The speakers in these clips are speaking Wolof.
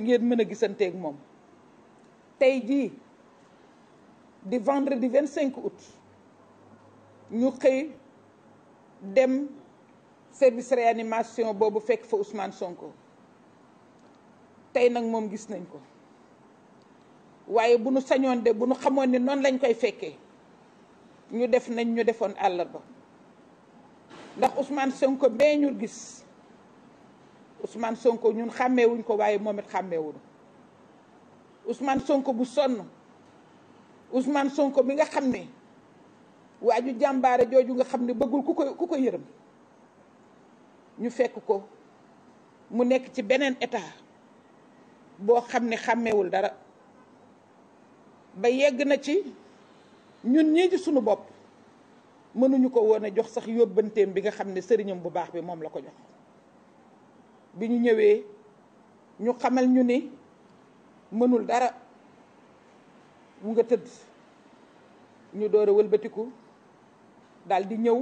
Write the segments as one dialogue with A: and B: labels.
A: ngeen mën a gisanteeg moom tey jii di vendredi vingt cinq août ñu xëy dem service réanimation boobu fekk fa Ousmane Sonko tey nag moom gis nañ ko waaye bu nu sañoon de bu nu xamoon ni noonu lañ koy fekkee ñu def nañ ñu defoon àllarba ndax Ousmane Sonko bee ñu gis Ousmane Sonko ñun xàmmeewuñ ko waaye moom it xàmmeewuñu Ousmane Sonko bu sonn Ousmane Sonko bi nga xam ne waa ju jàmbaare jooju nga xam ne bëggul ku ko ku ko yërëm ñu fekk ko mu nekk ci beneen état boo xam ne xàmmeewul dara ba yegg na ci ñun ñii ci sunu bopp mënuñu ko woon a jox sax yóbbanteem bi nga xam ne sëriñam bu baax bi moom la ko jox bi ñu ñëwee ñu xamal ñu ni mënul dara mu nga tëdd ñu door a wëlbatiku daal di ñëw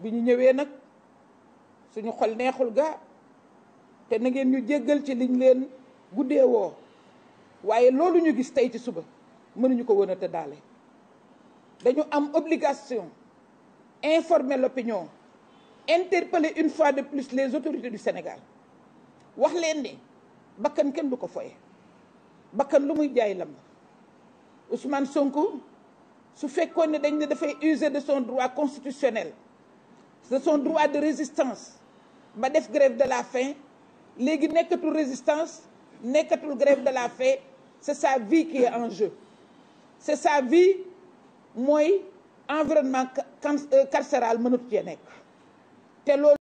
A: bi ñu ñëwee nag suñu xol neexul ga te na ngeen ñu jéggal ci liñ leen guddee woo waaye loolu ñu gis tey ci suba mënuñu ko woon a tëddaale dañu am obligation informer l'opinion interpeller une fois de plus les autorités du Sénégal wax leen ne bakkan kenn du ko foye bakkan lu muy jaay lamb Ousmane Sonko su fekkoon ne dañ ne dafay user de son droit constitutionnel de son droit de résistance ba def grève de la faim léegi nekkatul résistance nekkatul grève de la faim c'est sa vie qui est en jeu c'est sa vie mooy environnement euh, carcéral mënatu cee nekk te loolu